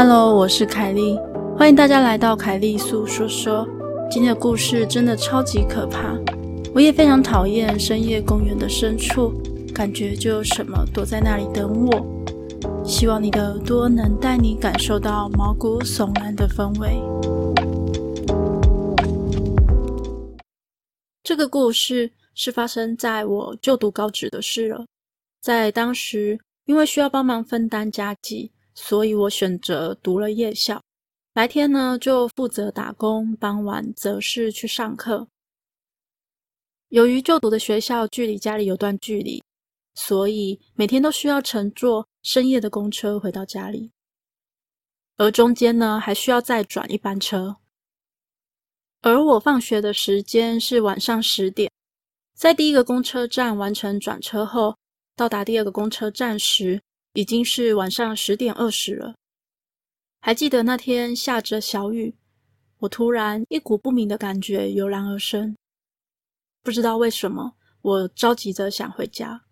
Hello，我是凱莉，歡迎大家來到凱莉粟說說。今天的故事真的超級可怕，我也非常討厭深夜公園的深處，感覺就有什麼躲在那裡等我。希望你的耳朵能帶你感受到毛骨悚然的氛圍。這個故事是發生在我就讀高職的事了，在當時因為需要幫忙分擔家計。所以我選擇讀了夜校，白天呢就負責打工，傍晚則是去上課。由於就讀的學校距離家裡有段距離，所以每天都需要乘坐深夜的公車回到家裡，而中間呢還需要再轉一班車。而我放學的時間是晚上十點，在第一個公車站完成轉車後，到達第二個公車站時，已經是晚上十點二十了，還記得那天下着小雨，我突然一股不明的感覺油然而生。不知道為什麼，我着急着想回家。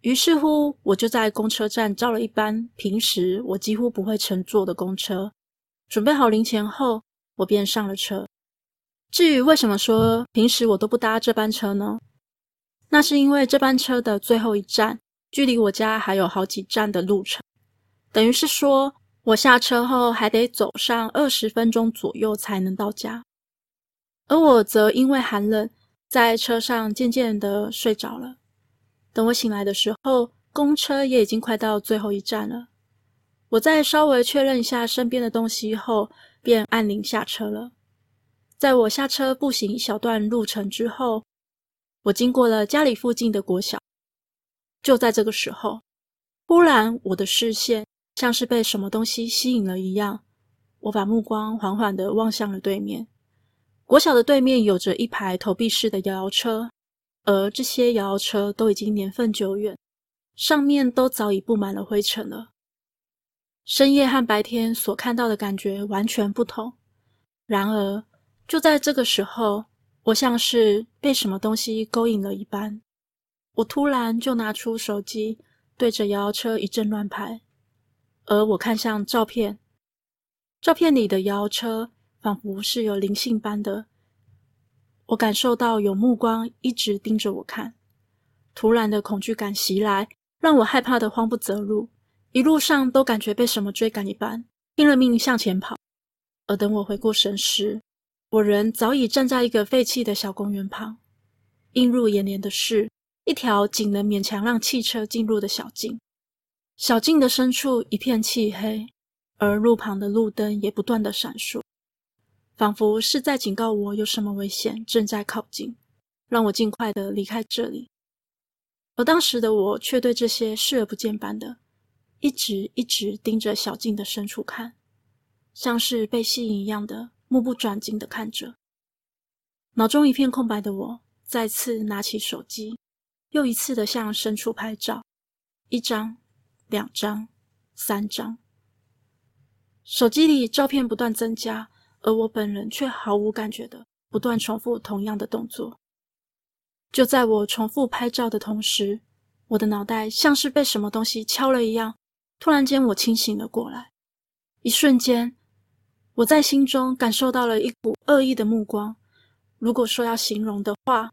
於是乎，我就在公車站招了一班平時我幾乎不會乘坐的公車。準備好零錢後，我便上了車。至於為什麼說平時我都不搭這班車呢？那是因為這班車的最後一站，距離我家還有好幾站的路程，等於是說我下車後還得走上二十分鐘左右才能到家。而我則因為寒冷，在車上漸漸地睡着了。等我醒來的時候，公車也已經快到最後一站了。我再稍微確認一下身邊的東西後，便按鈴下車了。在我下車步行一小段路程之後，我經過了家裡附近的國小。就在這個時候，忽然我的視線像是被什麼東西吸引了一樣，我把目光緩緩的望向了對面。國小的對面有着一排投幣式的搖搖車，而這些搖搖車都已經年份久遠，上面都早已布滿了灰塵了。深夜和白天所看到的感覺完全不同。然而就在這個時候，我像是被什麼東西勾引了一般。我突然就拿出手機，對着搖搖車一陣亂拍，而我看向照片，照片裡的搖搖車仿佛是有靈性般的，我感受到有目光一直盯着我看。突然的恐懼感襲來，讓我害怕得慌不擇路，一路上都感覺被什麼追趕一般，拼了命向前跑。而等我回過神時，我人早已站在一個廢棄的小公園旁，映入眼簾的是。一條僅能勉強讓汽車進入的小徑，小徑的深處一片漆黑，而路旁的路燈也不斷的閃爍，仿佛是在警告我有什麼危險正在靠近，讓我儘快的離開這裡。而當時的我卻對這些視而不見般的，一直一直盯着小徑的深處看，像是被吸引一樣的目不轉睛的看着。腦中一片空白的我，再次拿起手機。又一次的向深處拍照，一張、兩張、三張，手機裡照片不斷增加，而我本人卻毫無感覺的不斷重複同樣的動作。就在我重複拍照的同時，我的腦袋像是被什麼東西敲了一樣，突然間我清醒了過來。一瞬間，我在心中感受到了一股惡意的目光。如果說要形容的話，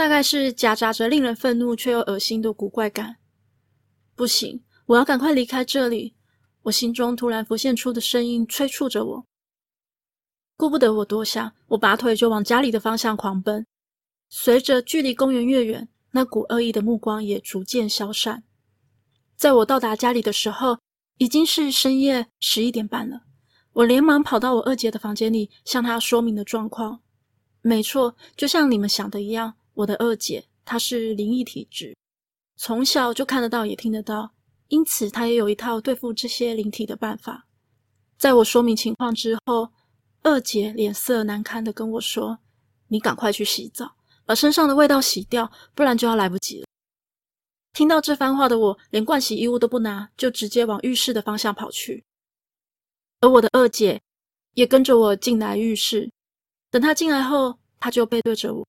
大概是夾雜着令人憤怒卻又噁心的古怪感。不行，我要趕快離開這裡！我心中突然浮現出的聲音催促着我。顧不得我多想，我拔腿就往家裡的方向狂奔。隨着距離公園越遠，那股惡意的目光也逐漸消散。在我到達家裡的時候，已經是深夜十一點半了。我連忙跑到我二姐的房間裡，向她說明了狀況。沒錯，就像你們想的一樣。我的二姐她是靈異體質，從小就看得到也聽得到，因此她也有一套對付這些靈體的辦法。在我說明情況之後，二姐臉色難堪的跟我說：“你趕快去洗澡，把身上的味道洗掉，不然就要來不及了。”聽到這番話的我，連換洗衣物都不拿，就直接往浴室的方向跑去。而我的二姐也跟着我進來浴室。等她進來後，她就背對着我。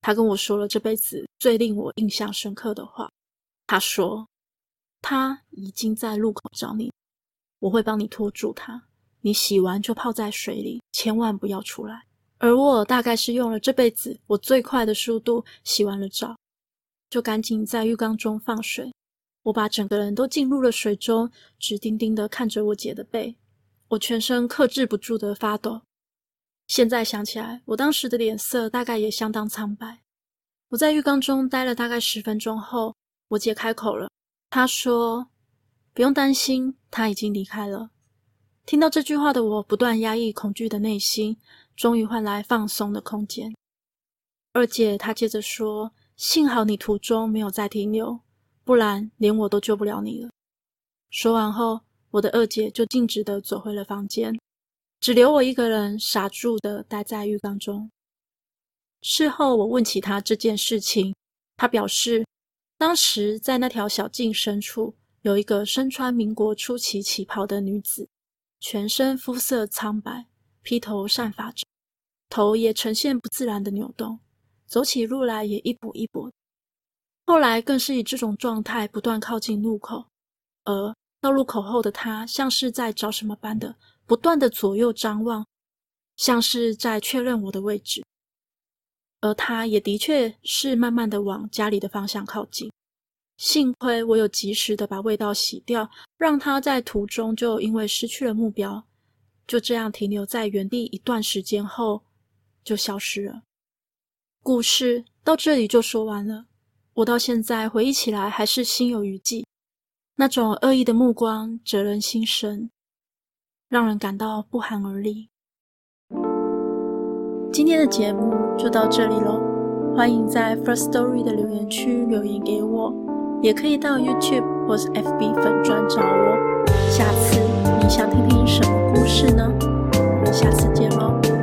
他跟我說了這輩子最令我印象深刻的話。他說：“他已經在路口找你，我會幫你拖住他。你洗完就泡在水裡，千萬不要出來。”而我大概是用了這輩子我最快的速度洗完了澡，就趕緊在浴缸中放水。我把整個人都浸入了水中，直盯盯的看着我姐的背，我全身克制不住的發抖。現在想起來，我當時的臉色大概也相當蒼白。我在浴缸中待了大概十分鐘後，我姐開口了，她說：“不用擔心，她已經離開了。”聽到這句話的我，不斷壓抑恐懼的內心，終於換來放鬆的空間。二姐她接着說：“幸好你途中沒有再停留，不然連我都救不了你了。”說完後，我的二姐就徑直的走回了房間。只留我一個人傻住的待在浴缸中。事後我問起他這件事情，他表示，當時在那條小徑深處有一個身穿民國初期旗袍的女子，全身膚色蒼白，披頭散髮着，頭也呈現不自然的扭動，走起路來也一跛一跛。後來更是以這種狀態不斷靠近路口，而到路口後的她像是在找什麼般的。不斷的左右張望，像是在確認我的位置，而他也的確是慢慢的往家裡的方向靠近。幸虧我有及時的把味道洗掉，讓他在途中就因為失去了目標，就這樣停留在原地一段時間後就消失了。故事到這裡就說完了，我到現在回憶起來還是心有餘悸，那種惡意的目光，折人心神。讓人感到不寒而栗。今天的節目就到這裡嘍，歡迎在 First Story 的留言區留言給我，也可以到 YouTube 或是 FB 粉專找我。下次你想聽聽什麼故事呢？下次見嘍。